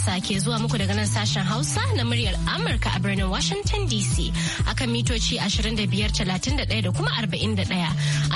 sa ke zuwa muku daga nan sashen Hausa na muryar Amurka a birnin Washington DC akan mitoci 2531 da kuma 41.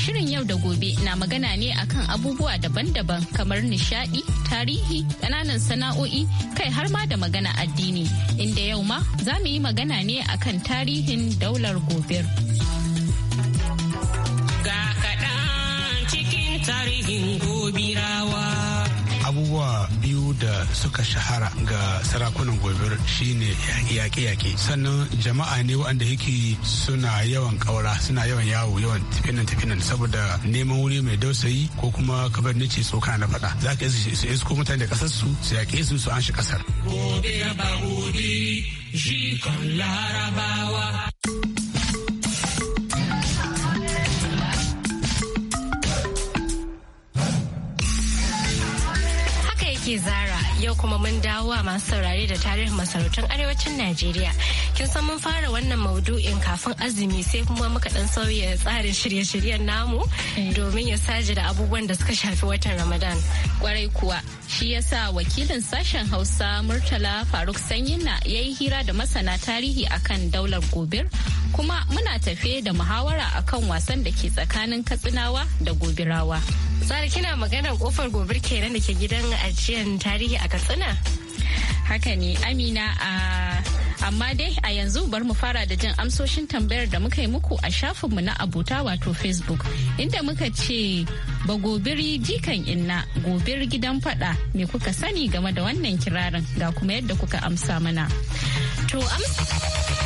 Shirin yau da gobe na magana ne akan abubuwa daban-daban kamar nishadi, tarihi, ƙananan sana'o'i, kai har ma da magana addini. Inda yau ma za mu yi magana ne akan tarihin daular gobir. Ga kaɗan cikin tarihin gobirawa. abubuwa biyu da suka shahara ga sarakunan gobir shine yaƙe-yaƙe sannan jama'a ne waɗanda yake suna yawan ƙaura suna yawan yawo yawan tafinan tafinan saboda neman wuri mai dausayi ko kuma kabar ce tsoka na faɗa za ka isu ko mutane da ƙasar su su yaƙe su su an shi ƙasar. Gobe larabawa. zara yau kuma mun dawo masu saurari da tarihin masarautun arewacin najeriya kin san mun fara wannan maudu'in kafin azumi sai kuma muka dan sauya tsarin shirye-shiryen namu eh. domin ya saji da abubuwan da suka shafi watan Ramadan. Kwarai kuwa shi yasa wakilin sashen Hausa Murtala Faruk Sanyina ya yi hira da masana tarihi akan daular gobir kuma muna tafe da muhawara akan wasan da ke tsakanin katsinawa da gobirawa. tsari kina maganar kofar gobir kenan da ke gidan ajiyar tarihi a Katsina? Haka ne Amina a Amma dai a yanzu bar mu fara da jin amsoshin tambayar da muka yi muku a shafinmu na abota wato Facebook inda muka ce ba gobiri jikan inna gobir gidan fada me kuka sani game da wannan kirarin ga kuma yadda kuka amsa mana. To amsa.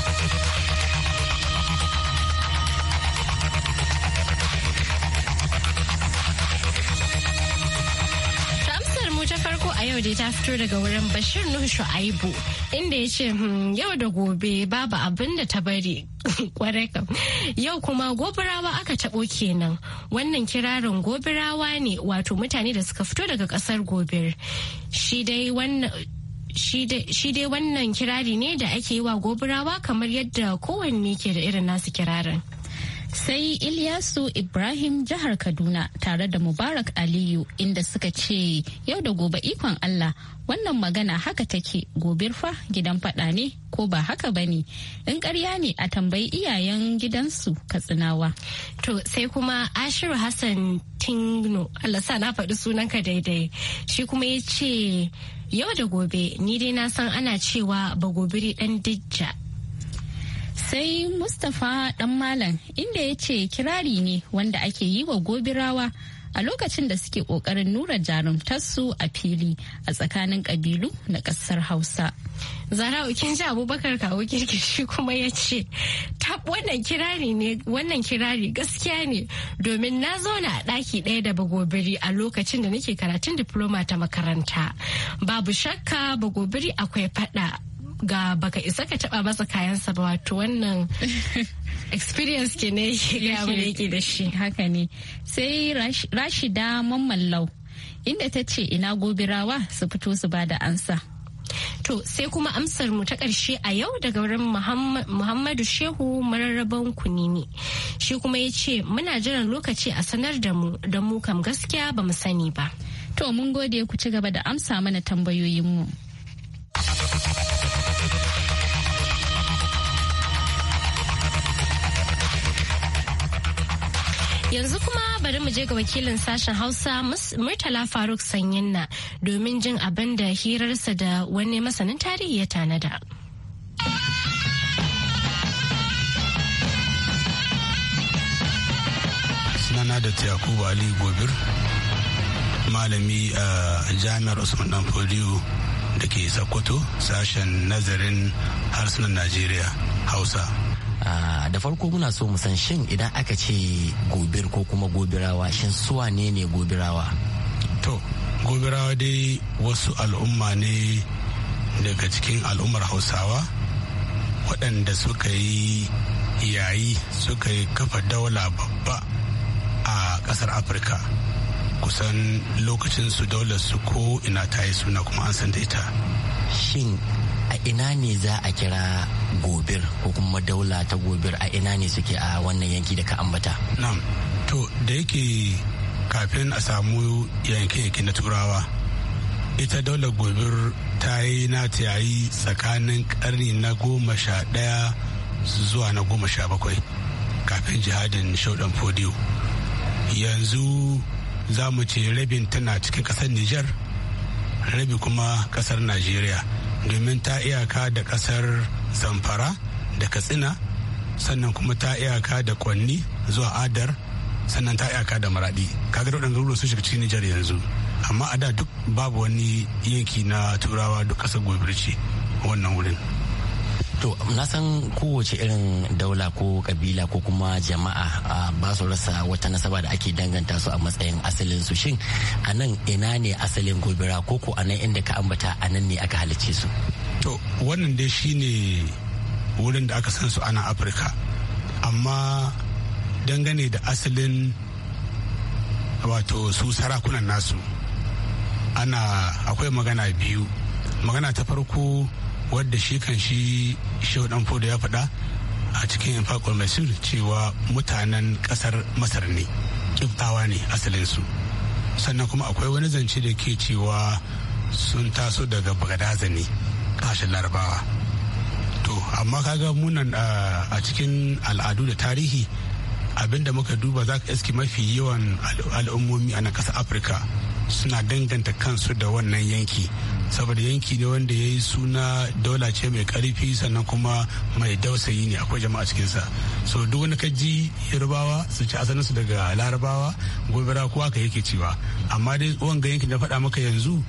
yau dai ta fito daga wurin Bashir Nuhu Shu'aibu inda ya ce hmm, yau da gobe babu abin da ta bari kwarai kam. Yau kuma gobirawa aka taɓo kenan. Wannan kirarin gobirawa ne wato mutane da suka fito daga ƙasar gobir. Shi dai wannan shi dai wannan kirari ne da ake yi wa gobirawa kamar yadda kowanne ke da irin nasu kirarin. sai Ilyasu Ibrahim jihar Kaduna tare da Mubarak Aliyu inda suka ce yau da gobe ikon Allah wannan magana haka take gobir fa gidan fada ne ko ba haka ba ne in karya ne a tambayi iyayen gidansu katsinawa. To sai kuma Ashiru Hassan Tingno Allah sa na faɗi sunanka daidai shi kuma ya ce yau da gobe ni dai na san ana cewa ba gobiri ɗan dijja sai mustapha dan malam inda ya ce kirari ne wanda ake yi wa gobirawa a lokacin da suke ƙoƙarin nura jarumtarsu a fili a tsakanin ƙabilu na ƙasar hausa zara'u kin ji abubakar kawo kirkishi kuma ya ce wannan kirari ne wannan kirari gaskiya ne domin na zauna a ɗaki ɗaya da bagobiri a lokacin da nake karatun diploma ta makaranta babu shakka bagobiri akwai fada ga baka isa ka taba masa kayansa ba wato wannan experience ke ne ya yake da shi haka ne sai rashida mammallau inda ta ce ina gobirawa su fito su ba da ansa To sai kuma amsar mu ta ƙarshe a yau daga wurin Muhammadu Shehu mararraban kunini. Shi kuma ya ce muna jiran lokaci a sanar da mu da mu kam gaskiya ba mu sani ba. To mun gode ku ci gaba da amsa mana tambayoyinmu. mu. Yanzu kuma bari mu je ga wakilin sashen Hausa Murtala Faruk Sanyinna domin jin abin da hirarsa da wani masanin tarihi ya tanada. Sunana da Yakubu Ali Gobir, malami a jami'ar Usman Danfodiyo da ke Sokoto sashen nazarin harsunan Najeriya Hausa. da farko muna so mu san shin idan aka ce gobir ko kuma gobirawa shin suwa ne ne gobirawa to gobirawa dai wasu al'umma ne daga cikin al'ummar hausawa waɗanda suka yi yayi suka yi kafa daula babba a ƙasar afirka kusan lokacin su daular su ko ina ta yi suna kuma an san ta ita shin a ina ne za a kira gobir ko kuma daula ta gobir a ina ne suke a wannan yanki da ka ambata Nam, to da yake kafin a samu yanki yanke na turawa ita daular gobir ta yi na yayi tsakanin karni na goma sha ɗaya zuwa na goma sha bakwai kafin jihadin shaudan fodiyo yanzu za mu ce rabin tana cikin ƙasar nijar rabi kuma ƙasar najeriya domin ta iyaka da kasar zamfara da katsina sannan kuma ta iyaka da kwanni zuwa adar sannan ta iyaka da maradi kaga da waɗanda sun shiga cikin nijar yanzu amma a da duk babu wani yanki na turawa duk ƙasar gobirci wannan wurin to na san kowace irin daula ko kabila ko kuma jama'a ba su rasa wata nasaba da ake danganta su a matsayin asalin su shin a nan ina ne asalin gobira ko ko a nan inda ka ambata a nan ne aka halicce su to wannan dai shi ne wurin da aka san su ana afirka amma dangane da asalin wato su sarakunan nasu ana akwai magana biyu magana ta farko wadda shi kan shi shehu dan fodo ya faɗa a cikin infaqul masul cewa mutanen ƙasar masar ne kiftawa ne asalinsu sannan kuma akwai wani zance da ke cewa sun taso daga bagadaza ne kashin larabawa to amma kaga munan a cikin al'adu da tarihi abinda muka duba za ka iski mafi yawan al'ummomi a na ƙasar afirka suna danganta kansu da wannan yanki saboda yanki ne wanda ya yi suna dola ce mai karfi sannan kuma mai dausayi ne akwai jama'a cikinsa so duk wani ka ji yarbawa su ci asalinsu daga larabawa gobera kowa ka yake cewa amma dai wanga yankin da faɗa maka yanzu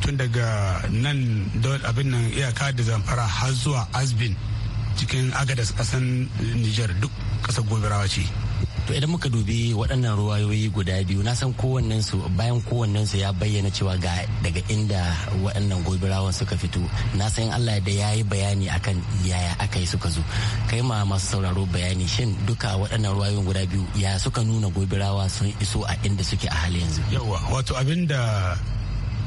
tun daga nan abin nan iyaka da zamfara har zuwa azbin cikin agadas kasan niger duk ƙasar goberawa ce to idan muka dubi waɗannan ruwayoyi guda biyu na san kowannen su bayan kowannen su ya bayyana cewa ga daga inda waɗannan gobirawan suka fito na san Allah da yayi bayani akan yaya aka yi suka zo kai ma masu sauraro bayani shin duka waɗannan ruwayoyin guda biyu ya suka nuna gobirawa sun iso a inda suke a hali yanzu yawa wato abinda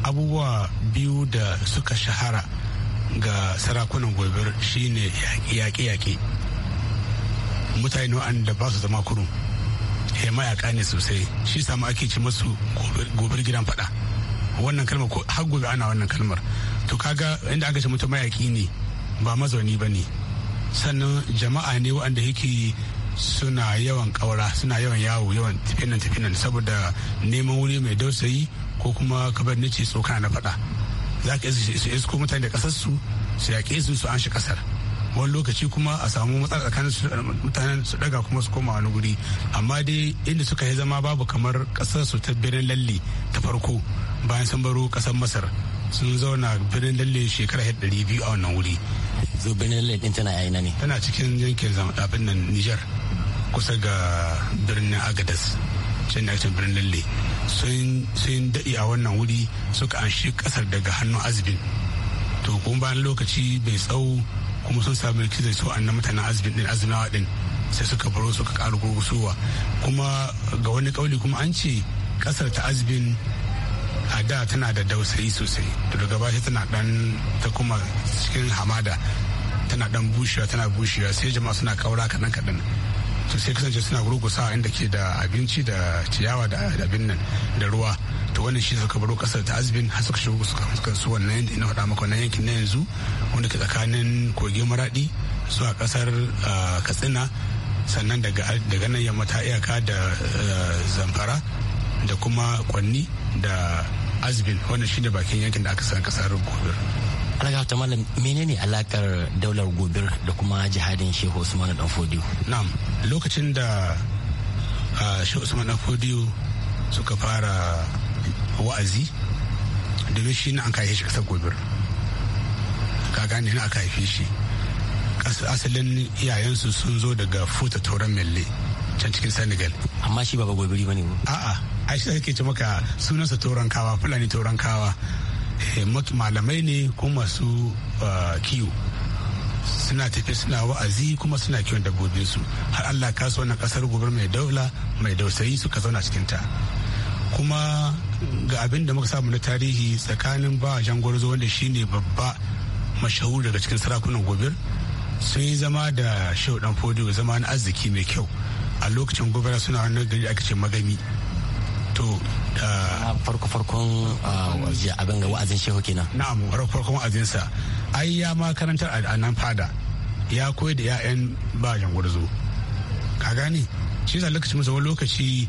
abubuwa biyu da suka shahara ga sarakunan gobir shine yaƙe-yaƙe mutane wa'anda ba su zama kurum ya mayaka ne sosai shi samu ake ci masu gobir gidan fada wannan kalmar ko har gobe ana wannan kalmar to kaga inda aka ce mutum mayaki ne ba mazauni ba ne sannan jama'a ne waɗanda yake suna yawan ƙaura suna yawan yawo yawan tafinan tafinan saboda neman wuri mai dausayi ko kuma kabar ce tsoka na fada za ka ko mutane da ƙasarsu su yaƙe su su an shi ƙasar wani lokaci kuma a samu matsala tsakanin mutanen su daga kuma su koma wani guri amma dai inda suka yi zama babu kamar kasar su ta birnin lalle ta farko bayan sun baro kasar masar sun zauna birnin lalle shekara ɗari biyu a wannan wuri zo birnin lalle din tana yayi ne tana cikin yankin zamadafin nan niger kusa ga birnin agadas can da birnin lalle sun daɗe a wannan wuri suka anshi kasar daga hannun azbin to kuma bayan lokaci bai tsawo kuma sun sami cizon su na mutanen azumin din azunawa din sai suka baro suka ƙara gurgusowa kuma ga wani kauli kuma an ce kasar ta azumin a da tana da dausayi sosai to daga baya tana dan ta kuma cikin hamada tana dan bushewa tana bushewa sai jama'a suna kaura kaɗan kaɗan to sai kasance suna gurgusa inda ke da abinci da ciyawa da abin nan da ruwa to wannan shi suka baro kasar ta azbin har suka shigo suka su wannan yadda ina faɗa maka wannan yankin na yanzu wanda ke tsakanin kogin maradi zuwa kasar katsina sannan daga nan yamma ta iyaka da zamfara da kuma kwanni da azbin wannan shi ne bakin yankin da aka san kasar gobir alga ta malam menene alakar daular gobir da kuma jihadin shehu usman dan fodiyo na'am lokacin da shehu usman dan fodiyo suka fara wa'azi domin shi na an kai shi kasar gobir ka gane na aka haife shi asalin iyayensu sun zo daga futa turan melle can cikin senegal amma shi baba gobiri ba ne a'a a shi ake ce maka sunansa turan kawa fulani turan kawa Eh, malamai ne kuma masu ah, kiwo suna tafi suna wa'azi kuma suna kiwon su har allah kasu na kasar gobe mai daula mai dausayi suka zauna cikin ta kuma ga abin da muka samu na tarihi tsakanin ba gwarzo wanda shine babba mashahuri daga cikin sarakunan gobe sun yi zama da shehu dan fodiyo zama na arziki mai kyau a lokacin gobara suna wani gari ake ce magami wato farko farkon ah, abin ga wa'azin shehu kenan na'am farko farkon sa ai ya makarantar a nan fada ya koyar da 'ya'yan bayan gurzo ka gane shi zai lokaci wani lokaci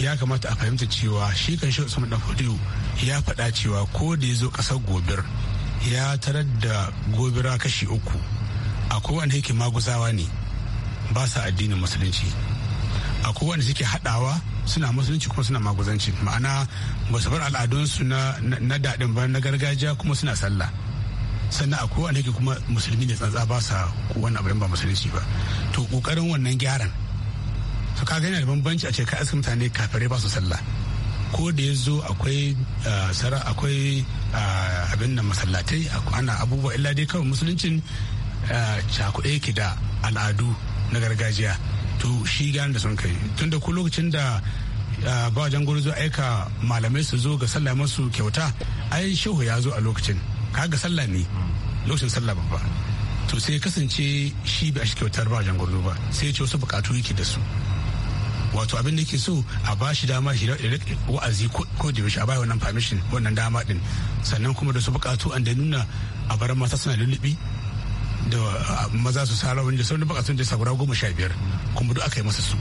ya kamata a fahimta cewa shi kan shi usman dafodiyo ya faɗa cewa ko da ya zo ƙasar gobir ya tarar da gobira kashi uku akwai wanda yake maguzawa ne ba sa addinin musulunci akwai wanda suke haɗawa suna musulunci kuma suna maguzanci ma'ana ba su bar al'adunsu na daɗin ba na gargajiya kuma suna sallah sannan a kowa yake kuma musulmi ne tsantsa ba sa wani abu ba musulunci ba to kokarin wannan gyaran su ka gani da bambanci a ce ka aska mutane kafare ba su sallah ko da ya zo akwai ah, sara akwai ah, abin da masallatai ana abubuwa illa dai kawai musuluncin ah, cakuɗe ki da al'adu na gargajiya to shi gyaran da sun kai tunda ko lokacin da ba wajen gori zo aika malamai su zo ga sallah masu kyauta ai shehu ya zo a lokacin kaga sallah ne lokacin sallah babba to sai kasance shi bai shi kyautar ba wajen ba sai ya ce wasu bukatu yake da su wato abin da ke so a ba shi dama shi wa'azi ko da yaushe a bai wannan permission wannan dama din sannan kuma da su bukatu an da nuna a bar mata suna lullubi da maza su sara wanda sauran baka sun jisa saura goma sha biyar kuma duk aka yi masa su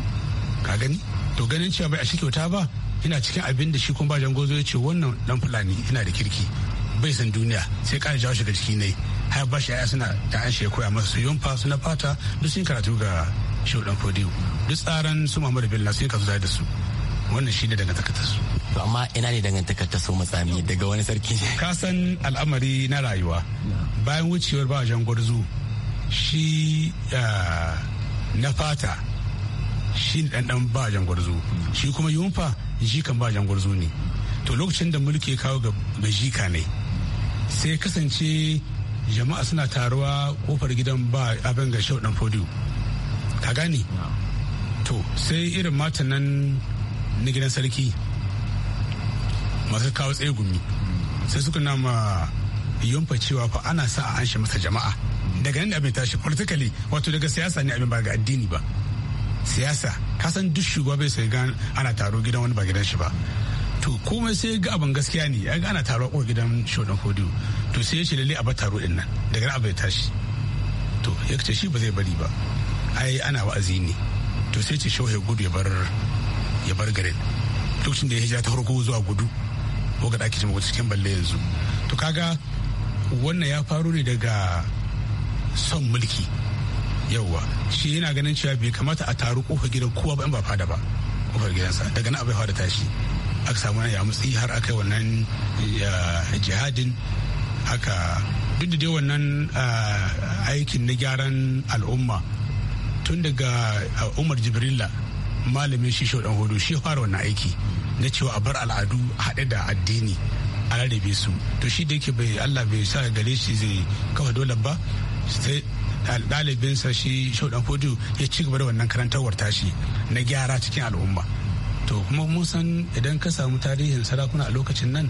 ka gani to ganin cewa bai a shi kyauta ba ina cikin abin da shi kuma ba jan gozo ya ce wannan dan fulani ina da kirki bai san duniya sai kara jawo shiga ciki ne har ba shi ya suna da an shi koya masa su yunfa su na fata duk sun karatu ga shi dan fodiyo duk tsaran su mamadu bello sun kasu da su wannan shine daga takatasu to amma ina ne dangantakar ta so matsami daga wani sarki ne ka san al'amari na rayuwa bayan wucewar ba wajen gwarzo shi ah, na fata shi ɗanɗan wajen gwarzo shi kuma yunfa jikan wajen gwarzo ne to lokacin da mulki ya kawo ga jika ne sai kasance jama'a suna taruwa kofar gidan ba abin ga shaudan fodiyo ka gani to sai irin matan nan na gidan sarki masu kawo tsaye gumi sai suka nama yunfa cewa fa ana sa a anshi masa jama'a daga nan da abin tashi politically wato daga siyasa ne abin ba ga addini ba siyasa kasan duk shugaba bai sai gan ana taro gidan wani ba gidan shi ba to komai sai ga abin gaskiya ne ya ana taro a gidan shodan kodiyo to sai ya ce lalle a bar taro din nan daga nan abin tashi to ya ce shi ba zai bari ba ai ana wa'azi ne to sai ce shauhe gudu ya bar ya bar garin lokacin da ya hijira ta farko zuwa gudu ko ga ɗaki cikin cikin balle yanzu to kaga wannan ya faru ne daga son mulki yauwa shi yana ganin cewa bai kamata a taru kofar gidan kowa ba in ba fada ba kofar gidansa daga nan abai fada tashi aka samu ya mutsi har aka yi wannan jihadin haka duk da dai wannan aikin na gyaran al'umma tun daga umar jibrila malamin shi shaudan hudu shi fara wannan aiki na cewa a bar al'adu haɗe da addini a rarrabe su to shi da yake bai allah bai sa gare shi zai kafa dole ba sai ɗalibinsa shi shaudan hudu ya ci gaba da wannan karantarwar tashi na gyara cikin al'umma to kuma mun idan ka samu tarihin sarakuna a lokacin nan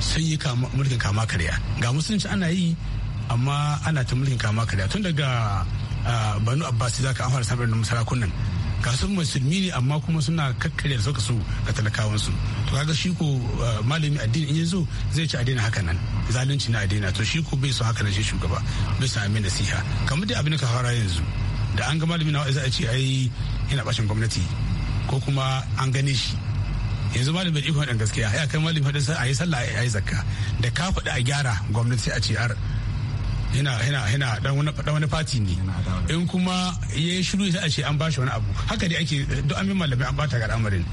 sun yi mulkin kama karya ga musulunci ana yi amma ana ta mulkin kama karya tun daga ah, banu abbasi za ka an fara sabar da sarakunan kasan musulmi ne amma kuma suna kakkarya suka so ga talakawansu to kaga shi ko uh, malami addini in yazo zai ci addini haka nan zalunci na addini to shi ko bai so haka nan shi shugaba bai sami nasiha kamar dai abin da ka fara yanzu da an ga malami na za a ce ai yana bashin gwamnati ko kuma an gane shi yanzu malami bai iko dan gaskiya ya kai malam hadin a yi sallah a yi zakka da ka faɗi a gyara gwamnati a ce ar yana yana yana dan wani dan wani fati ne in kuma ya shiru sai a ce an bashi wani abu haka dai ake duk an bi an bata ga al'amarin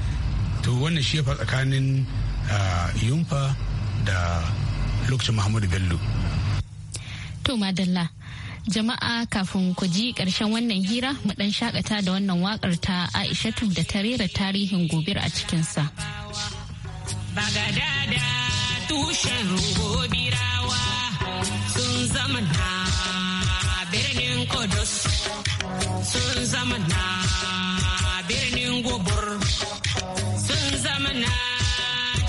to wannan shi fa tsakanin ah, yunfa da lokacin Muhammadu Bello to madalla jama'a kafin ku ji karshen wannan hira mu dan shakata da wannan wakar ta Aishatu da ta rera tarihin gobir a cikin cikinsa. Bagadada tushen gobirawa zamana birnin Kudus, sun zamana birnin Gobur, sun zamana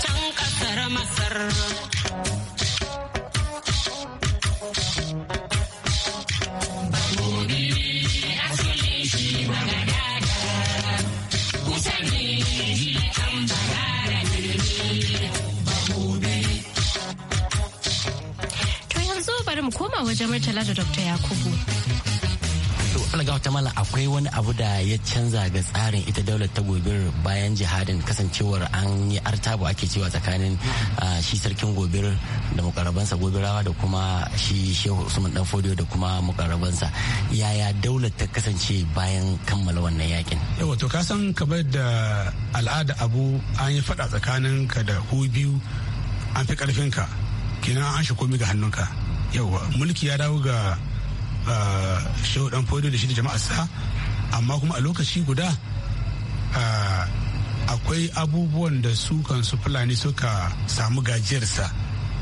can ƙasar Masar. mu koma wajen Murtala da Dr. Yakubu. To algawa mala akwai wani abu da ya canza ga tsarin ita daular ta gobir bayan jihadin kasancewar an yi artabu ake cewa tsakanin mm. ah, shi sarkin gobir da mukarabansa gobirawa da kuma shi shehu usman dan fodiyo da kuma mukarabansa yaya daular ta kasance bayan kammala wannan yakin. Yawa to ka san kamar da al'ada abu an yi faɗa tsakanin ka da hu biyu an fi ƙarfinka kenan an shi komi ga hannun ka. yawa mulki ya dawo ga shehu dan fodo da shi da jama'a sa amma kuma a lokaci guda akwai abubuwan da su kansu fulani suka samu gajiyarsa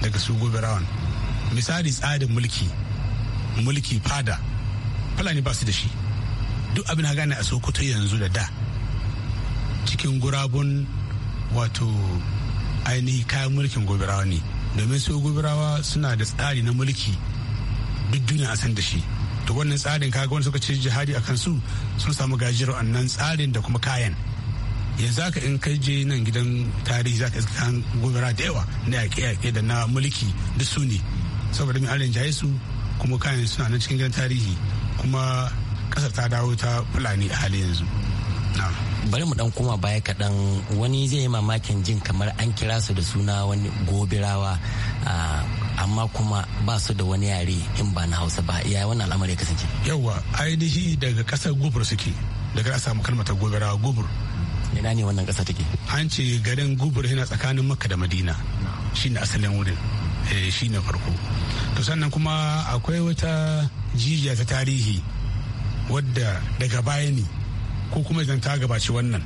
daga su goberawan misali tsarin mulki mulki fada fulani ba su da shi duk abin gane a sokoto yanzu da da cikin gurabun wato ainihi kayan mulkin goberawa ne domin su gubirawa suna da tsari na mulki duk duniya a san da shi to wannan tsarin kaga wani suka ci jihadi a kansu sun samu gajiyar wannan tsarin da kuma kayan yanzu haka in kai je nan gidan tarihi za ka iska kan gobira da yawa na yaƙe-yaƙe da na mulki duk su ne saboda mai arin jaye su kuma kayan suna nan cikin gidan tarihi kuma kasar ta dawo ta fulani a halin yanzu. Na'am. bari mu dan koma baya kaɗan wani zai yi mamakin jin kamar an kira su da suna wani gobirawa amma kuma ba su da wani yare in ba na hausa ba ya wannan al'amari ya kasance yawa ainihi daga kasar gobir suke daga samu kalmar ta gobirawa gobir ina ne wannan kasa take an ce garin gubur yana tsakanin makka da madina shine asalin wurin eh, shine farko to sannan kuma akwai wata jijiya ta tarihi wadda daga baya ne ko kuma idan ta gabaci wannan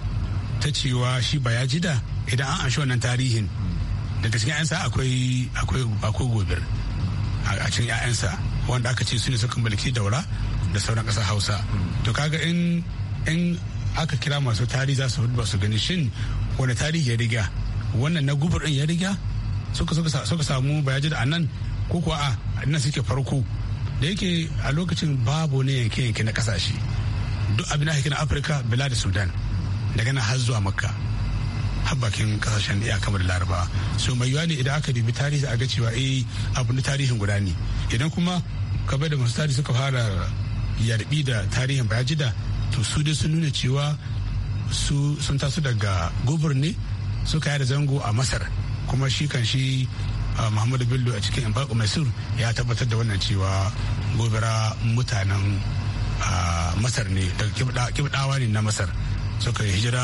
ta cewa shi ba ya jida idan an shi wannan tarihin da cikin 'ya'yansa akwai akwai gobir a cikin 'ya'yansa wanda aka ce su ne suka mulki daura da sauran ƙasar hausa to kaga in in aka kira masu tarihi za su ba su gani shin wani tarihi ya riga wannan na gubur din ya riga suka ba samu bayaji da anan ko kuwa a nan suke farko da yake a lokacin babu ne yanke yanke na kasashe duk abin da na afirka bila da sudan daga nan har zuwa makka habbakin kasashen iyaka da laraba so mai yiwuwa ne idan aka dubi tarihi a ga cewa eh abu na tarihin guda ne idan kuma kabe da masu tarihi suka fara yarbi da tarihin bajida to su dai sun nuna cewa su sun taso daga gobir ne suka yada zango a masar kuma shi kan shi muhammadu bello a cikin embargo mai ya tabbatar da wannan cewa gobira mutanen a masar ne daga kibdawa ne na masar suka yi hijira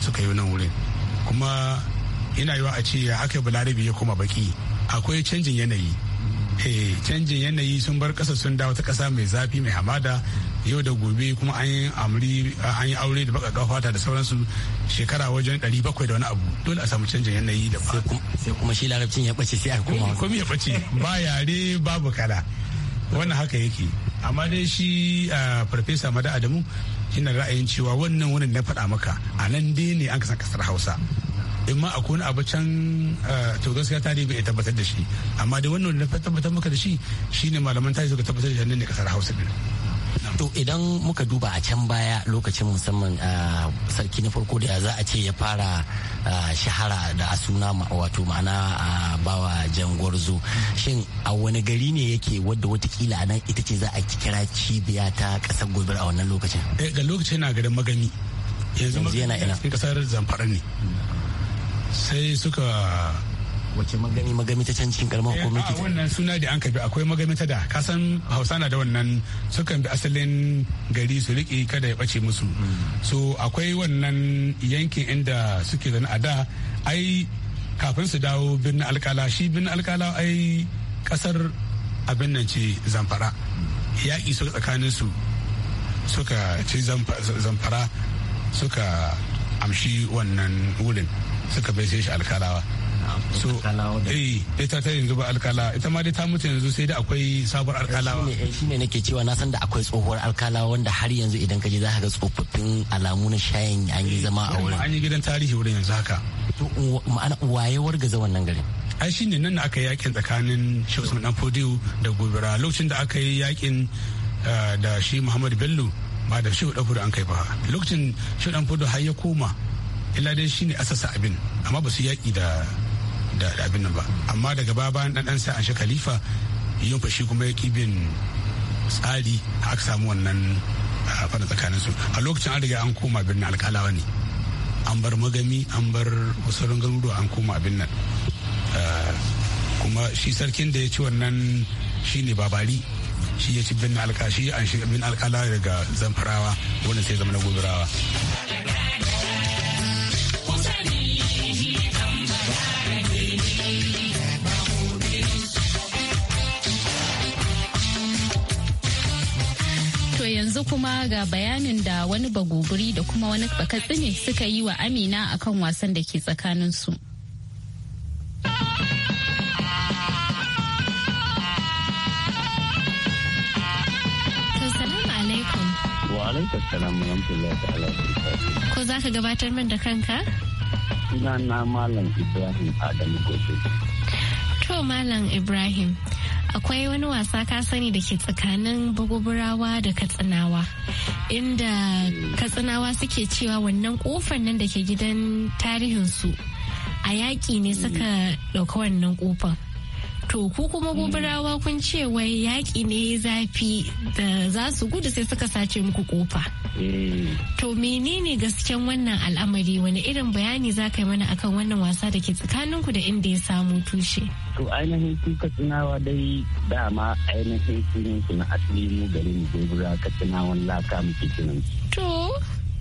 suka yi nan wurin kuma yana yiwa a ce ya aka yi balarabi ya koma baki akwai canjin yanayi eh canjin yanayi sun bar kasa sun dawo ta kasa mai zafi mai hamada yau da gobe kuma an yi an yi aure da baka fata da sauransu shekara wajen 700 da wani abu dole a samu canjin yanayi da ba sai kuma shi larabcin ya bace sai a koma komai ya bace ba yare babu kala wannan haka yake amma dai shi a farfesa mada adamu shine ra'ayin cewa wannan wurin na faɗa maka a nan dai ne an kasan kasar hausa in ma akwai wani abu can to gaskiya tarihi bai tabbatar da shi amma dai wannan na tabbatar maka da shi shine malaman tarihi suka tabbatar da nan ne kasar hausa din to idan muka duba a can baya lokacin musamman ah, sarki na farko da za a ce ya fara ah, shahara da a suna wato ma'ana ah, bawa jangwarzo shin a wani gari ne yake wadda watakila a nan ita ce za a kira cibiya ta kasar gobe a wannan lokacin eh, ga lokacin na garin magani yanzu yana ina kasar zamfara ne sai suka wace magami magami ta can cikin ko hukumar eh, ta wannan suna da an bi akwai magami ta da Ka san hausa na da wannan sukan bi asalin gari su riƙe kada ya bace musu mm. so akwai wannan yankin inda suke zana a da ai kafin su dawo birnin alkala shi birnin alkala ai kasar abin nan ce zamfara yaƙi su tsakanin su suka ci zamfara suka amshi wannan wurin suka bai shi alkalawa so eh ita eh, ta yanzu ba alkala ita ma dai ta mutu yanzu sai da akwai sabuwar eh, alkalawa eh, shine nake cewa na san da akwai tsohuwar alkalawa wanda har yanzu idan ka je za ka ga tsofaffin alamu na shayin an yi zama a wurin an yi gidan tarihi wurin yanzu haka to um, ma'ana waye wargaza wannan garin ai shine nan aka yi yakin tsakanin Shehu Usman da Gobira lokacin da aka yi yakin da shi Muhammad Bello ba da Shehu Dan an kai ba lokacin Shehu Dan har ya koma illa dai shine asasa abin amma ba su yaki da da abin nan ba amma daga baya bayan dan a an shi khalifa fa shi kuma ya bin tsari aka samu wannan fada tsakanin su a lokacin an riga an koma birnin alkalawa ne an bar magami an bar sauran garuruwa an koma abin nan kuma shi sarkin da ya ci wannan shi ne babari shi ya ci bin alkashi an shi bin alkala daga zamfarawa wanda sai zama na gobirawa yanzu kuma ga bayanin da wani baguburi da kuma wani bakatsine suka yi wa Amina akan wasan da ke tsakaninsu. alaikum wa ko za ka gabatar min da kanka na na malam ibrahim adamu gobe to malam ibrahim akwai wani wasa ka sani da ke tsakanin bagoburawa da katsinawa inda katsinawa suke cewa wannan kofar nan da ke gidan tarihinsu a yaƙi ne suka ɗauka wannan kofar to ku kuma mm. gobarawa kun ce wai yaƙi ne zafi da za su gudu sai suka sace muku kofa mm. to menene gasken wannan al'amari wani irin bayani za ka yi mana akan wannan wasa da ke tsakaninku da inda ya samu tushe to ainihin su tunawa dai dama ainihin sunan su na asali mu garin gobira tunawan laka muke kiran to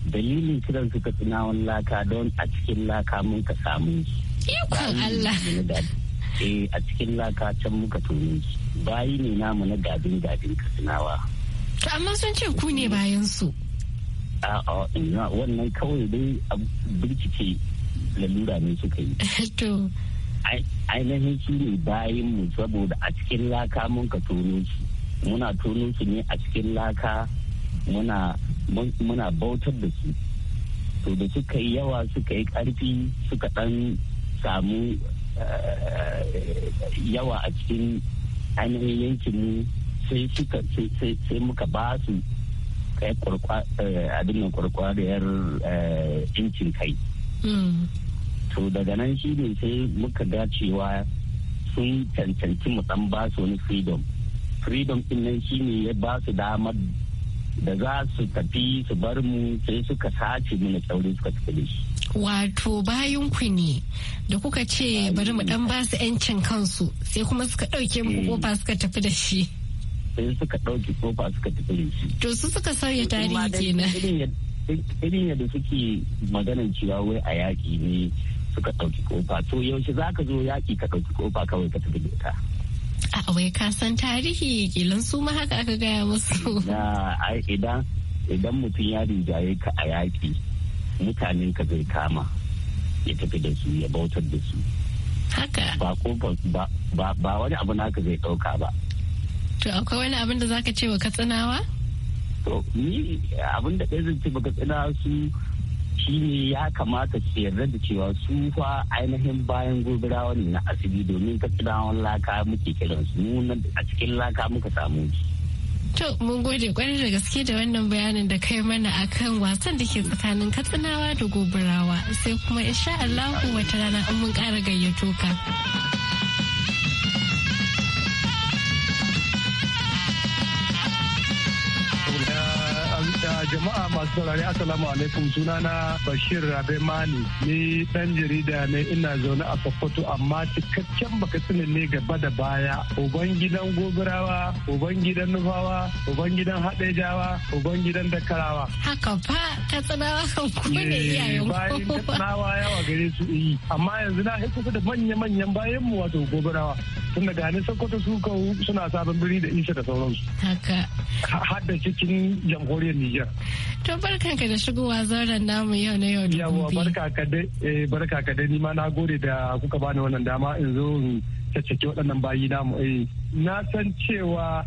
dalilin kiran su tunawan laka don a cikin laka mun ka samu Iko Allah Eh, a cikin laka can muka tuni bayi ne namu na gabin gabin kasinawa amma sun ce ku ne bayan su a'a ina wannan kawai dai a bincike lalura ne suka yi to ainihin shi ne bayan mu saboda a cikin laka mun ka tono shi muna tono shi ne a cikin laka muna muna bautar da su to da suka yi yawa suka yi karfi suka dan samu yawa a cikin ainihin yankinmu sai suka sai muka ba su eh, kai eh, abin nan kwarkwariyar eh, incin kai mm. to daga nan shi ne sai muka ga cewa sun cancanci mu dan ba su wani freedom freedom din nan shi ne ya ba su damar da za su tafi su bar mu sai suka sace mu na tsauri suka tafi da shi wato bayan ku ne da kuka ce bari mu dan basu yancin kansu sai kuma suka dauke muku eh. kofa suka tafi da shi sai suka dauke kofa suka tafi da shi to su suka sauya tarihi kenan irin yadda suke maganan cewa wai a yaƙi ne suka ɗauki kofa to yaushe za ka zo yaƙi ka ɗauki kofa kawai ka tafi da ita a wai ka san tarihi kilan su ma haka aka gaya musu idan idan mutum ya rinjaye ka a yaƙi mutanen ka zai kama ya tafi da su ya bautar da su haka ba ko ba wani abu na ka zai dauka ba to akwai wani abin da zaka ce wa katsinawa to ni abin da ɗaya zan ba katsinawa su shi ne ya kamata su yarda da cewa su fa ainihin bayan gobirawa ne na asibi domin katsinawan laka muke kiransu nuna a cikin laka muka samu su To mun gode kwarai da gaske da wannan bayanin da kai mana akan wasan da ke tsakanin katsinawa da gobarawa sai kuma insha Allahu wata rana an mun ƙara gayyato ka. Jama'a masu saurari Assalamu alaikum sunana Bashir Rabe Mani ni dan jarida ne ina zaune a Sokoto amma cikakken baka tsinin ne gaba da baya. Uban gidan Gobirawa, uban gidan Nufawa, uban gidan Hadejawa, uban gidan Dakarawa. Haka fa ta tsanawa kan ku ne eh, iyayen ku. Bayan ta tsanawa yawa gare su yi eh. amma yanzu na kusa da manya-manyan bayan mu wato Gobirawa. Tun daga ni Sokoto su suna sabon biri da isa da sauransu. Haka. Har da cikin jamhuriyar Nijar. To barkan ka da shigowa zauren namu yau na yau da gobe. barka ka dai eh, nima na gode da kuka bani wannan dama in zo in caccake waɗannan bayi namu. Eh, na san cewa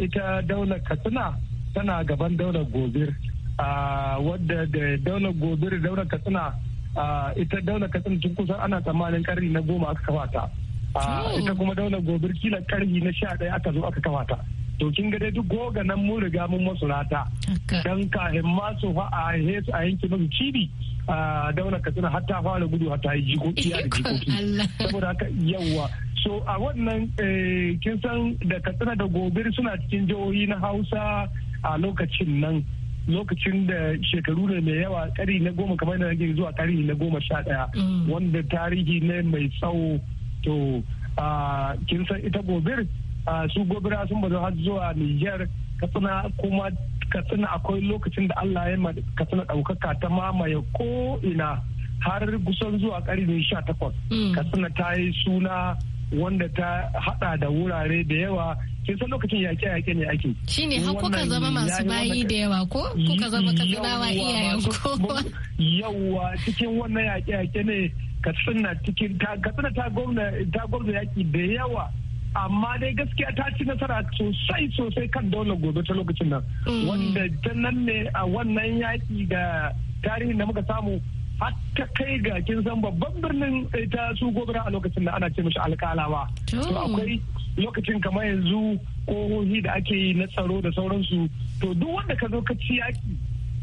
ita daular Katsina tana gaban daular Gobir. Wadda da daular Gobir da daular Katsina ita daular Katsina tun kusan ana tsammanin karni na goma aka kafa ta. Oh. Ita kuma daular Gobir kila karni na sha ɗaya aka zo aka kafa ta. to kin ga dai duk goga nan mun riga mun masu rata dan kahin masu fa a hesu a yanki mun cibi a daular katsina hatta fara gudu hatta yi jikoki da jikoki saboda haka yawa so a wannan eh, kin san da katsina da gobir suna cikin jihohi na hausa a lokacin nan lokacin da shekaru ne mai yawa kari na goma kamar da nake zuwa kari na goma sha daya mm. wanda tarihi ne mai tsawo to kin san ita gobir su gobira sun bazu har zuwa Nijar katsina kuma katsina akwai lokacin da Allah ya katsina ɗaukaka ta mamaye ko ina har kusan zuwa ƙarni sha takwas mm. katsina ta yi suna wanda ta hada da wurare da yawa sai san lokacin yaƙe-yaƙe ne ake. Shi ne har kuka zama masu bayi da yawa ko kuka zama wa iyayen kowa. yawa cikin wannan yaƙe-yaƙe ne katsina cikin katsina ta gwamna yaƙi da yawa amma dai gaskiya ta ci nasara sosai sosai kan daular gobe ta lokacin nan mm. wanda ta nan ne a wannan yaƙi da tarihin da muka samu har kai ga kin san babban birnin eh, ta su gobira a lokacin da ana ce mishi alkalawa to akwai lokacin kamar yanzu kohohi da ake yi na tsaro da sauransu to duk wanda ka zo ka ci yaƙi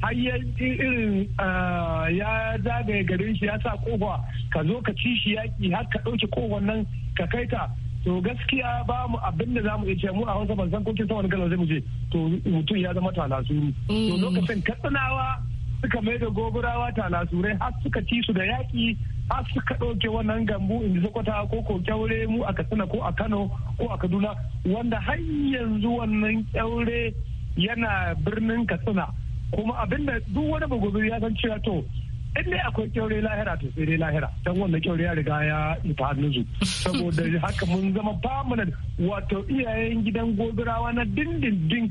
har ya irin ah, ya zagaye garin shi ya sa kofa ka zo ka ci shi yaƙi har ka ɗauke kofar nan ka kai ta to gaskiya ba mu abin da zamu iya ce mu a hausa ban san ko kin san wani kalmar zai mu to mutum ya zama talasuru to mm. lokacin katsinawa suka mai da gogurawa talasurai har suka ci su da yaƙi har suka ɗauke wannan gambu in sokota ko ko kyaure mu a katsina ko a kano ko a kaduna wanda har yanzu wannan kyaure yana birnin katsina kuma abinda duk wani bagobiri ya san cewa to in dai akwai kyaure lahira to sai dai lahira don wanda kyaure ya riga ya ita su saboda haka mun zama permanent wato iyayen gidan gobirawa na dindindin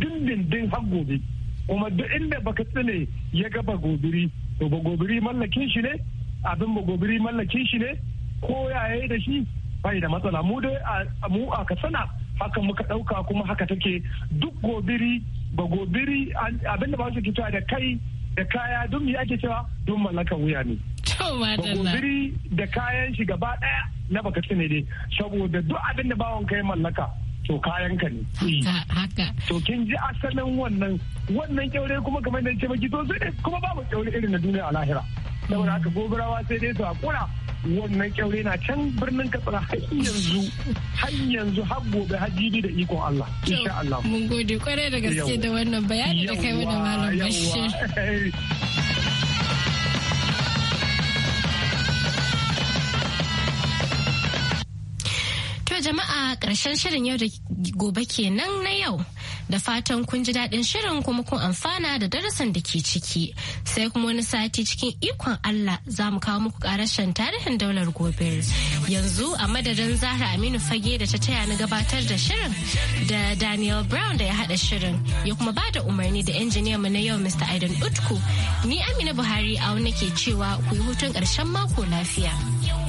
dindindin har gobe kuma duk inda baka tsine ya ga gobiri to ba gobiri mallakin shi ne abin ba gobiri mallakin shi ne ko yaya da shi bai da matsala mu dai mu a ka sana haka muka dauka kuma haka take duk gobiri ba gobiri abin da ba su kita da kai da kaya don ake cewa don mallakan wuya ne. Gobiri da kayan shi gaba ɗaya na baka ne dai saboda duk abin da bawon kai mallaka to kayan ka ne. Haka. To kin ji asalin wannan wannan kyaure kuma kamar da ce maki to ne kuma babu kyaure irin na duniya a lahira. saboda haka gobarawa sai dai su hakura wannan kyaure na can birnin katsina har yanzu har yanzu har gobe har jibi da ikon Allah insha Allah mun gode kwarai da gaske da wannan bayani da kai wani malam Bashir To jama'a ƙarshen shirin yau da gobe kenan na yau Da fatan kun ji daɗin shirin kuma kun amfana da darasin da ke ciki. Sai kuma wani sati cikin ikon Allah za mu kawo muku ƙarashen tarihin daular gobe. Yanzu a madadin Zahra Aminu Fage da ta taya ni gabatar da shirin da Daniel Brown da ya haɗa shirin ya kuma ba da umarni da injiniyan mu na yau Mr. Aidan Utku. Ni Amina Buhari a wani ke cewa ku yi hutun ƙarshen mako lafiya.